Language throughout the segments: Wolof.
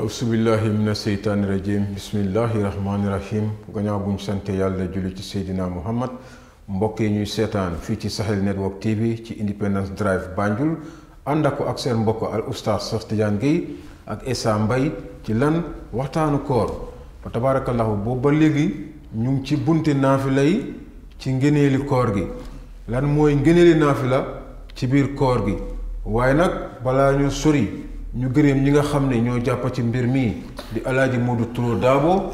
ausubillahi mina seytaani rajim bismillahi rahmaani rahim gannaaw buñ sante yàlla julli ci seydina muhammad mbokk yi ñuy seetaan fii ci Sahel Network TV ci Independence Drive Banjul ànd ak ko ak seen mbokk al oustaz Cheikh Tidiane Gueye ak Essa Mbaye ci lan waxtaanu koor fa tabaarakallahu boobu ba léegi ñu ngi ci bunti naafila yi ci ngëneeli koor gi lan mooy ngëneeli naafila ci biir koor gi waaye nag balaa ñu sori ñu gërëm ñi nga xam ne ñoo jàpp ci mbir mi di alaaji Modou Touré Dabo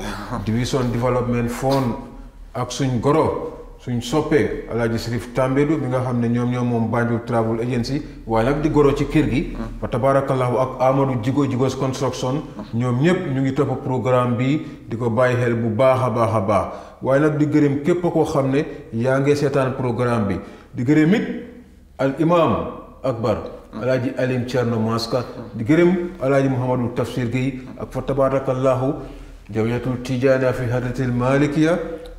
division development fund ak suñ goro suñ soppe alaaji Sirif Tambédou mi nga xam ne ñoom ñoo moom Travel Agency waaye di goro ci kër gi fa tabarakallahu ak Amadou Jigo Jigos Construction ñoom ñëpp ñu ngi topp programme bi di ko bàyyi xel bu baax a baax a baax di gërëm képp koo xam ne yaa ngi seetaan programme bi di gërëm it al imam akbar alaaji alim Thierno Maska di gërëm alaaji Mouhamadou Tafsir Gueye ak fa tabarakallahu jamiyatul tijaaniya fi hadratil malikiya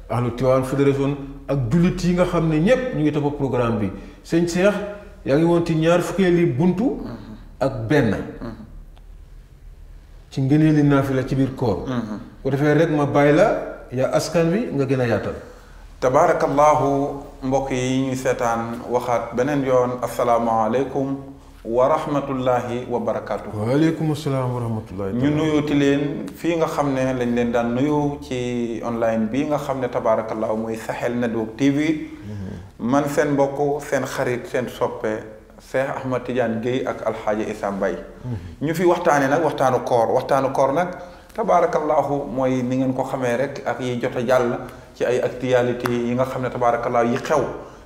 ahlu Tiwaan fédération ak jullit yi nga xam ne ñépp ñu ngi topp programme bi sëñ Cheikh yaa ngi woon ci ñaar fukkeeli buntu ak benn ci ngëneeli naafila ci biir koor bu defee rek ma bàyyi la yaa askan wi nga gën a yaatal tabaarakallaahu mbokk yi ñuy seetaan waxaat beneen yoon asalaamaaleykum wa rahmatullahi wa barakaatu. waaleykum salaam wa rahmatullahi. ñu nuyooti leen fii nga xam ne lañ leen daan nuyoo ci online bi nga xam ne tabaarakallaahu muy Sahel Network TV. man seen mbokk seen xarit seen soppe. Cheikh Ahmad Tidiane Guèye ak Alxaaji Issa Mbaye ñu fi waxtaanee nag waxtaanu koor waxtaanu koor nag tabaarakallaahu mooy ni ngeen ko xamee rek ak yi jot a jàll ci ay actualité yi nga xam ne tabaarakallaahu yi xew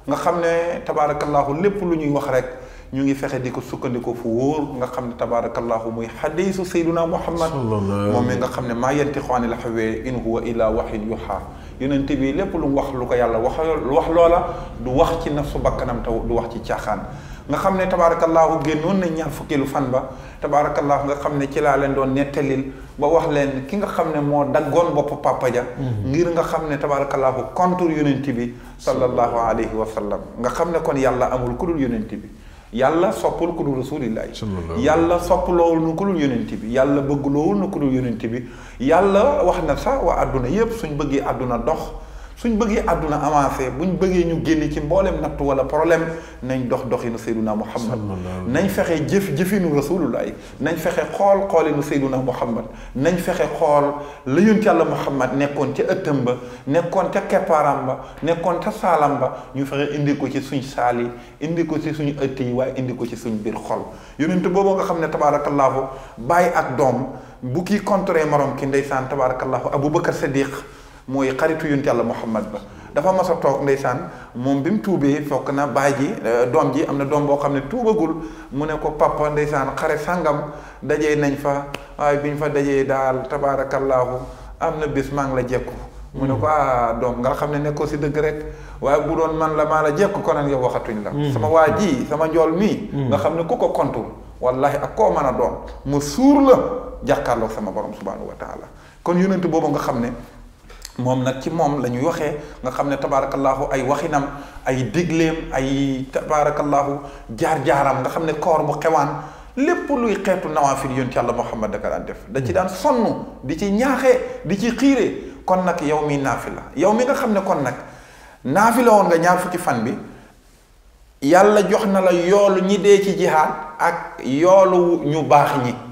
nga xam ne tabaarakallaahu lépp lu ñuy wax rek ñu ngi fexe diko sukkandiko fu wóor nga xamne ne tabaarakallahu muy xadiisu sayduna muhammad moom mi nga xam ne maa yantixu anil hawaa in huwa illa waxin yuhaa yonent bi lépp lu wax lu ko yàlla wax wax loola du wax ci nafsu bakkanam taw du wax ci caaxaan nga xam ne tabaarakallahu na ñaar fukkeelu fan ba tabaarakallahu nga xam ci laa leen doon nettalil ba wax leen ki nga xam ne moo daggoon papa ja ngir nga xam ne tabaarakallahu yonent bi sallallahu alayhi wa sallam nga xam ne kon yàlla amul ku yonent bi yàlla soppul ku dul rasulillahi yàlla soppuloo nu ku dul yonent bi yàlla bëggloo nu ku dul yonent bi yàlla wax na sax waa àdduna yépp suñ bëggee àdduna dox suñ bëggee àdduna avancé buñ bëggee ñu génne ci mboolem natt wala problème nañ dox doxinu sayduna muhammad nañ fexe jëf jëfinu rasulullah nañ fexe xool xoolinu sayduna muhammad nañ fexe xool la yonent yàlla muhammad nekkoon ca ëttam ba nekkoon ca keparam ba nekkoon ca saalam ba ñu fexe indi ko ci suñ saal yi indi ko ci suñ ëtt yi waaye indi ko ci suñ biir xol yonent boobu nga xam ne tabaarakallaahu bàyyi ak doom bu kii contré morom ki ndeysaan tabaarakallaahu abubakar sadiq mooy xaritu yonent yàlla Muhammad ba dafa mas a toog ndeysaan moom bi mu tuubee fokk na baay ji euh, doom ji am na doom boo xam ne tuubagul mu ne ko papa ndeysaan xare sàngam dajee nañ fa waaye bi ñu fa dajee daal tabaarakallaahu am na bis maa ngi la jekku mu ne ko hmm. ah doom nga xam ne nekkoo si dëgg rek waaye bu doon man la maa la jekku konoon yow waxatuñ la hmm. sama waa ji sama njool mii hmm. nga xam ne ku ko kontul wallahi ak koo mën a doom mu suur la jàkkaarloog sama borom subhanahu wa taala kon yonent boobu nga xam ne mom nak ci mom lañu waxé nga xamné ne ay waxinam ay diglem ay tabaarakallaahu jaar-jaaram nga xamné koor bu xewaan lépp luy xeetu nawaafil yonent yàlla Muhammad daka daan def da ci daan sonu di ci ñaaxé di ci xiré kon nak yow mi naafila yow mi nga xamné kon nak nafila won nga ñaar fukki fan bi yàlla jox na la yoolu ñi dé ci jihad ak yoolu ñu bax ñi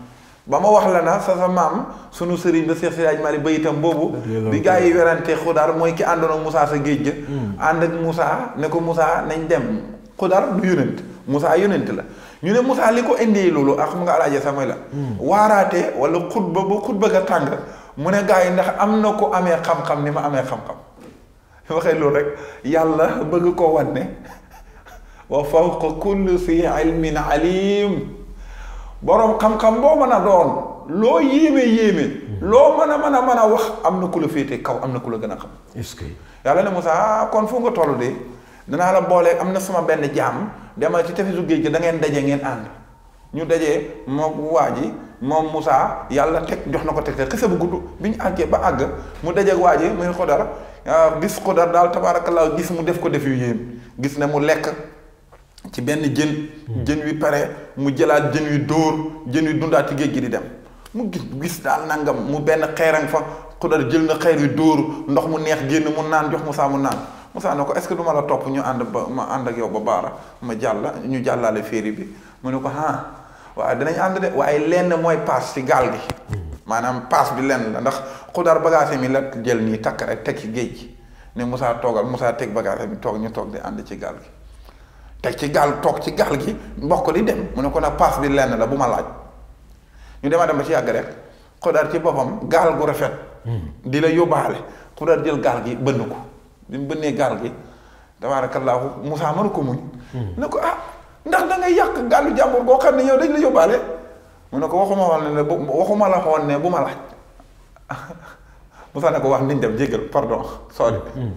بما واخلا نا سافا مام سونو سيرين با شيخ سيراج مالي بايتام بوبو دي غاي ورانتي خدار موي كي اندون موسى سا گيدج اند موسى نكو موسى نان ديم خدار دو يوننت موسى يوننت لا ني نه موسى ليكو اندي لولو اخ مغا الاجي سامي لا واراتي ولا خطبه بو خطبه كا تانغ مون نخ ام نكو امي خام خام نيما امي خام خام waxe lool rek yalla bëgg ko wone wa fawqa kulli fi ilmin boroom xam-xam boo mën a doon loo yéeme yéeme loo mën a mën a mën a wax am na ku la féete kaw am na ku la gën a xam est-ce que yàlla ne Moussa ah, kon fu nga tollu de danaa la boolee am na sama benn jaam demal ci tefesu géej gi da ngeen daje ngeen ànd ñu dajee moom waa ji moom Moussa yàlla teg jox na ko teg xese bu gudd bi ñu àggee ba àgg mu dajeeg waa ji muy Xodar ah, gis Xodar daal tabaarakallaa gis mu def ko def yu yéem gis ne mu lekk ci benn jën hmm. jën wi pare mu jëlaat jën wi dóor jën wi ci géej gi di dem mu gis daal nangam mu benn xeeran fa xudar jël na xeer wi dóor ndox mu neex génn mu naan jox Moussa mu naan Moussa ne ko est-ce que du ma la topp ñu ànd ba ma ànd ak yow ba baara ma jàll ñu jàllaale féeri bi mu ne ko ah waaye dinañ ànd de waaye lenn mooy paas ci gaal gi hmm. maanaam paas bi lenn la ndax xudar bagage mi la jël nii takk rek teg ci géej gi ne musaa toogal Moussa teg bagage mi toog ñu toog di ànd ci gaal gi teg ci gaal toog ci gaal gi mbokk di dem mu ne ko nag paas bi lenn la bu ma laaj ñu dema dem ba ci yàgg rek xudaar ci boppam gaal gu rafet hmm. di la yóbbaale xudaar jël gaal gi bënn ko bi mu bënnee gaal gi tabaarakallaahu Moussa mënu ko muñ hmm. ne ko ah ndax da yàq gaalu jàmbur boo xam ne yow dañ la yóbbaale mu ne ko waxuma woon ne bu waxuma la woon ne bu ma laaj Moussa ne ko wax niñ dem jéggal pardon sorry hmm.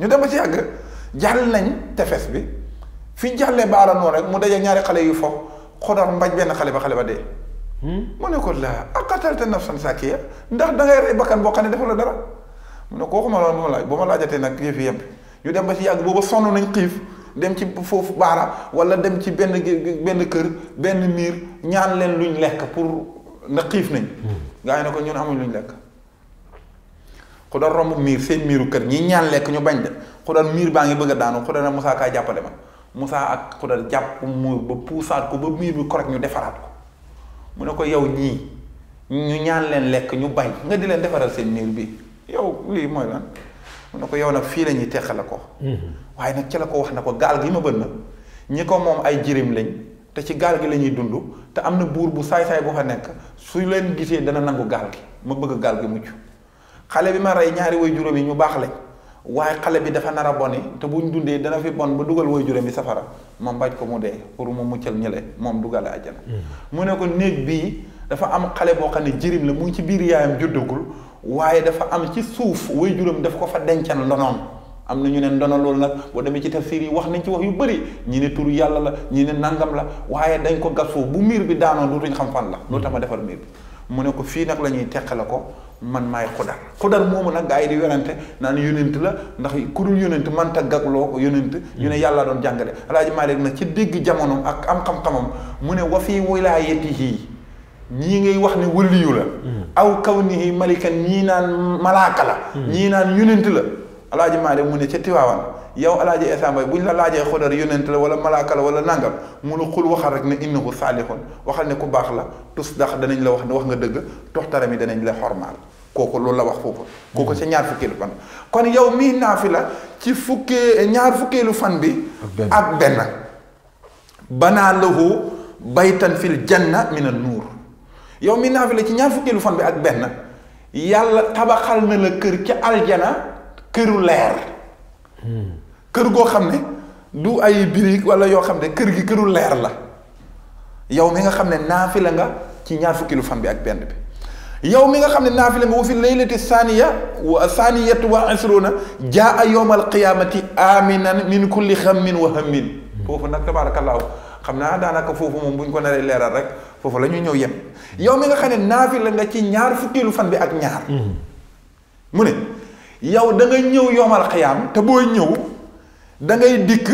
ñu dem ba ci yàgg jàll nañ tefes bi fi jàllee baara non rek mu daje ñaari xale yu fo xodar mbaj ben xale ba xale ba dé mu ne ko la aqatalta nafsan sakiya ndax da ngay ray bakkan bo xane defal dara mu ne ko waxuma loolu ba ma laaj ba ma laajatee yëf yëpp ñu dem ba ci yag booba sonu nañ xif dem ci fofu baara wala dem ci ben ben kër ben mir ñaan leen luñ lek pour na xif nañ. gaay yi ko ñun amuñ luñ lekk. xudar romb mir seen miru kër ñi ñaan lek ñu bañ de xudar miir baa ngi bëgg daanu xudar na musa Ka jàppale ma. Moussa ak Xodar jàpp muur ba puusaat ko ba miir bi correct ñu defaraat ko mu ne ko yow ñii ñu ñaan leen lekk ñu bañ nga di leen defaral seen miir bi yow lii mooy lan mu ne ko yow nag fii la ñuy teqale ko. Mhm. waaye nag ci la ko wax na ko gaal gi ma na ñi ko moom ay jirim lañ te ci gaal gi lañuy dund te am na buur bu saay-saay bu fa nekk su leen gisee dana nangu gaal gi ma bëgg gaal gi mucc xale bi ma rey ñaari woy juróom yi ñu baax lañ. waaye xale bi dafa nar a boni te bu ñu dundee dana fi bon ba dugal woy juróom yi safara ma bañ ko mu dee pour mu muccal ñële moom dugale àjjana mm-hmm. mu ne ko néeg bii dafa am xale boo xam ne jirim la mu ngi ci biir yaayam juddagul waaye dafa am ci suuf woy juróom daf ko fa dencan ndonoom am na ñu ne ndono loolu nag boo demee ci tafsir yi wax nañ ci wax yu bëri ñi ne turu yàlla la ñi ne nangam la waaye dañ ko gas foofu bu miir bi daanoon dootuñ xam fan la loolu tax ma defar miir mu ne ko fii nag la ñuy teqale ko man maay xudar xudar moomu nag gaa yi di yonente naan yonent la ndax ku dul yonent manta gagloo ko yonent mm. ñu ne yàlla doon jàngale alaaji Maalik nag ci dégg jamono ak am xam-xamam mu ne wa fii wilaayatihi ñi ngay wax ne wëliyu la mm. aw kaw nihi malikan ñii naan malaaka la mm. ñii naan yonent la alaaji Maalik mu ne ca Tiwaawan yow alaaji Isaa Mbay buñ la laajee xodar yonent la wala malaaka la wala nangam mu lu xul waxal rek ne innahu salihun waxal ne ku baax la tus ndax danañ la wax ne wax nga dëgg toxtaram yi danañ la xormaal kooku loolu la wax foofu kooku ca ñaar fukkeelu fan kon yow mii naafi la ci fukkee ñaar fukkeelu fan bi ak benn banaa lahu baytan fil janna min an nuur yow mii naafi la ci ñaar fukkeelu fan bi ak benn yàlla tabaxal na la kër ci aljana këru leer. kër goo xam ne du ay birig wala yoo xam ne kër gi këru leer la yow mi nga xam ne naafila nga ci ñaar fukki fan bi ak benn bi yow mi nga xam ne naafila nga wa fi laylati saaniya wa saaniyat wa asruna jaa yowmal qiyaamati aminan min kulli xammin wa hammin foofu nag xam naa daanaka foofu moom bu ko naree leeral rek foofu la ñuy ñëw yem yow mi nga xam ne naafila nga ci ñaar fukki lu fan bi ak ñaar hmm. mu ne yow da ngay ñëw yomal xiyaam te booy ñëw da ngay dikk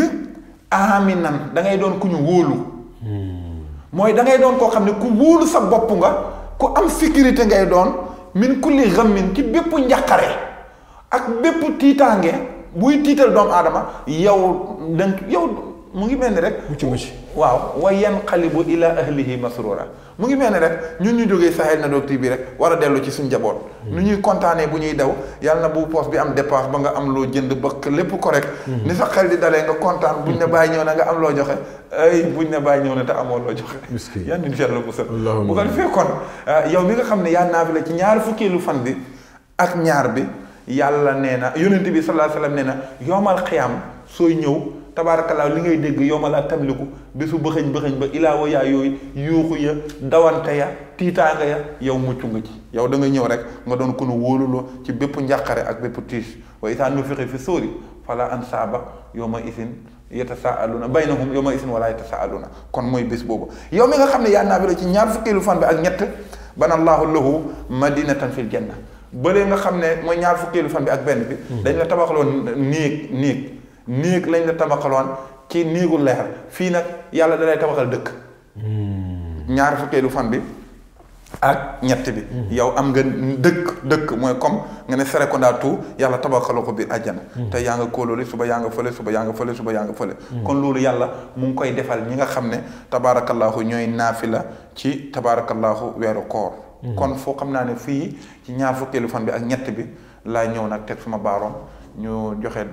aminan da ngay doon ku ñu wóolu mooy da ngay doon koo xam ne ku wóolu sa bopp nga ku am sécurité ngay doon min ku kulli xammin ci bépp njaqare ak bépp tiitaange buy tiital doomu aadama yow danga yow mu ngi mel ni rek. mucc mucc waaw yan xali wa yanqalibu ila ahlihi masrura mu ngi mel ni rek ñu ñu jógee Sahel na doog bi rek war a dellu ci suñ njaboot. Hmm. nu ñuy kontaanee bu ñuy daw yàlla na bu poos bi am dépense ba nga am loo jënd ba lépp ko rek hmm. ni sa xel di dalee nga kontaan buñ ne hmm. bàyyi ñëw na nga am loo joxe ay buñ ne bàyyi ñëw ne te amoo loo joxe. yan nañu yàlla bu sën. bu ko defee kon ah, yow mi nga xam ne yaa naa fi la ci ñaar fukkeelu fan bi ak ñaar bi yàlla nee na yonent bi sallallahu alayhi wasallam nee na yoomal xiyaam sooy ñëw tabaarakalaaw li ngay dégg yow yomal ak tamliku bisu bëxëñ bëxëñ ba ilaawa yaay yooyu yuuxu ya dawante ya tiitaanga ya yow mucc nga ci yow da nga ñëw rek nga doon ko nu wóoluloo ci bépp njàqare ak bépp tiis wa isaa nufixa fi sóori fala ansaaba yawma isin yatasaaluna baynahum yawma isin wala yatasaaluna kon mooy bés boobu yow mi nga xam ne yaa naafila ci ñaar fukkeelu fan bi ak ñett bana allahu lahu madinatan fil janna bële nga xam ne mooy ñaar fukkeelu fan bi ak benn bi hmm. dañ néeg lañ la tabaxaloon ci néegu leer fii nag yàlla dalay tabaxal dëkk hmm. ñaar fukkeelu fan bi ak ñett bi hmm. yow am nga dëkk dëkk mooy comme nga ne Serekunda tout yàlla tabaxaloo ko biir àjjana hmm. te yaa nga kóolooli suba yaa nga fële suba yaa nga fële suba yaa nga fële kon loolu yàlla mu ngi koy defal ñi nga xam ne tabaarakallaahu ñooy la ci tabaarakallaahu weeru koor kon foo xam naa ne fii ci ñaar fukkeelu fan bi ak ñett bi laa ñëw nag teg suma baaroom ñu joxe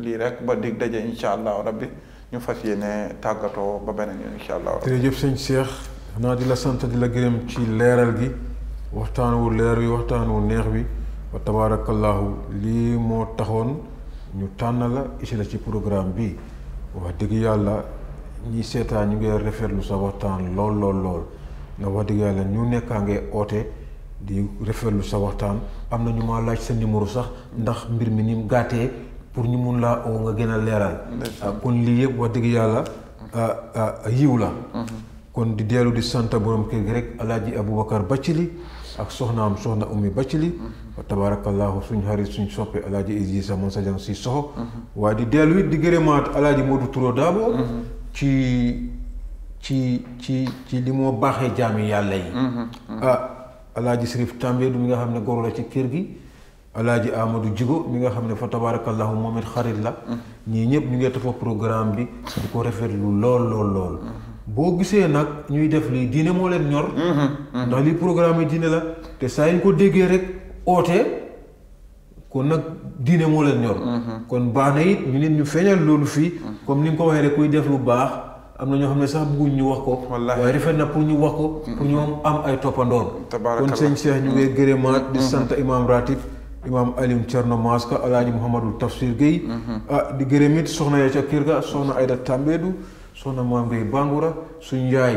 lii rek ba dig daje incha allah rabbi ñu fas yéene tàggatoo ba beneen yoon incha allah. jërëjëf sëñ Cheikh naa di la sant di la gërëm ci leeral gi waxtaan wu leer wi waxtaan wu neex wi wa tabaarakallahu lii moo taxoon ñu tànn la ici la ci programme bi wax dëgg yàlla ñi seetaan ñu ngi rafetlu sa waxtaan lool lool lool ndax wax dëgg yàlla ñu nekkaa ngay oote. di rafetlu sa waxtaan am na ñu ma laaj sa numéro sax ndax mbir mi ni mu gàttee pour ñu mun laa oo nga gën a leeral. Ah, kon lii yëpp wax dëgg yàlla ah, ah, yiw la. Mhm. kon di dellu di sant borom kër gi rek alaaji Aboubacar Bathily ak soxnaam soxna Oumy Bathily mhm. tabaarakallaahu suñu xarit suñ soppi alaaji Idrissa Mansa Dieng si soxo mhm. waaye di dellu it di gërëmaat alaaji Modou Touré Dabo ci ci ci ci li moo baaxee jaami yàlla yi. alaaji Sirif També du mi nga xam ne goro la ci kër gi alaaji Amadou jigo mi nga xam ne fa tabaarakallahu moom it xarit la ñii ñëpp ñu ngi topp programme bi di ko lu lool lool lool boo gisee nag ñuy def lii diine moo leen ñor ndax lii programme yi diine la te saa yu ñu ko déggee rek ootee kon nag diine moo leen ñor mm-hmm. kon baax na it ñu nit ñu feeñal loolu fii mm-hmm. comme ni nga ko waxee rek kuy def lu baax am na ñoo xam ne sax bëgguñ ñu wax ko. wallaahi waaye rafet na pour ñu wax ko. Mm-hmm. pour ñu am ay toppandoor. tabaaraka kon sëñ Cheikh ñu ngi mm-hmm. gërëmaat di mm-hmm. sant imam ratib imam Alioune Thierno Maska alaaji Mouhamadou Tafsir Guèye. ah di gërëm it soxna ya ca kër ga soxna Aida Tambédou soxna Maam Guèye Bangoura suñ yaay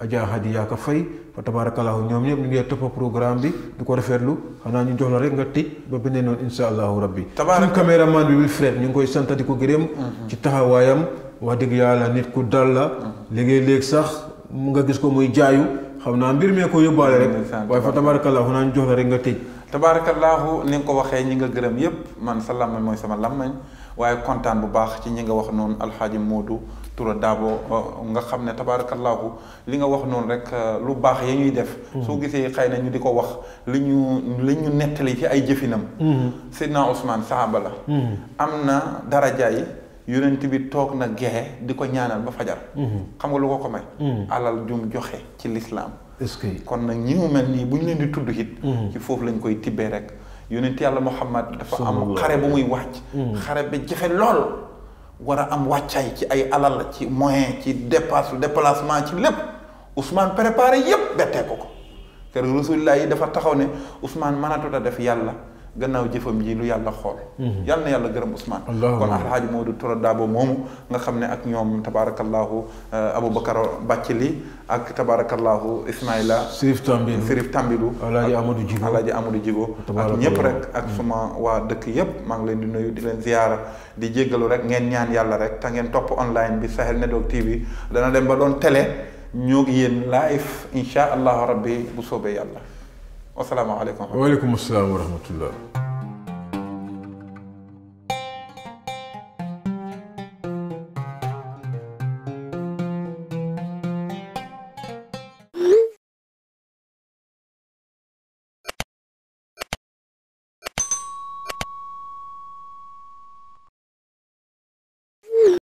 Adja Hadi Yaaka Fay fa tabaarakallaahu ñoom ñëpp ñu ngi toppa programme bi du ko rafetlu xanaa ñu jox la rek nga tëj ba beneen yoon insha allahu rabbi. tabaaraka suñ bi Wilfred ñu ngi koy sant ko ci taxawaayam. wax dëgg yàlla nit ku dal léegi-léeg sax mu nga gis ko muy jaayu xam naa mbir mee ko yóbbaale rek waaye fa tabarakallahu naan jox la rek nga tëj tabarakallahu ni ko waxee ñi nga gërëm yépp man sa làmmañ mooy sama làmmañ waaye kontaan bu baax ci ñi nga wax noonu alxaaji Modou Toura Dabo euh, nga xam ne tabaarakallaahu li nga wax noonu rek euh, lu baax ya ñuy def mm-hmm. soo gisee xëy na di ko wax li ñu li ñu nettali ci ay jëfinam mm-hmm. saaba la mm-hmm. am na daraja yi yonent bi toog na gexe di ko ñaanal ba fajar xam nga lu ko ko may alal jum joxe ci lislaam kon nag ñi mu mel nii bu ñu leen di tudd it ci foofu lañ koy tibbee rek yonent yàlla Muhammad dafa am xare bu muy wàcc xare bi jafe lool war a am wàccaay ci ay alal ci moyen ci dépasse déplacement ci lépp Ousmane préparé yépp bettee ko ko kër Rasulullah yi dafa taxaw ne Ousmane mënatut a def yàlla gannaaw jëfam ji lu yàlla xool mhm. yàlla na yàlla gërëm Ousmane kon alhaaji Modou Touré Dabo moomu nga xam ne ak ñoom tabaarakallaahu euh, bàcc li ak tabaarakallaahu Ismaïla Sirif Tambilou Sirif Tambilou alaaji Amadou Djigo alaaji Amadou Djigo ak ñëpp rek ak mhm. suma waa dëkk yëpp maa ngi leen di nuyu di leen ziyaara di jéggalu rek ngeen ñaan yàlla rek te ngeen topp online bi Sahel Network TV dana dem ba doon tele ñoo ngi yéen live insha allahu rabbi bu soobee yàlla والسلام عليكم ورحمه الله وعليكم السلام ورحمه الله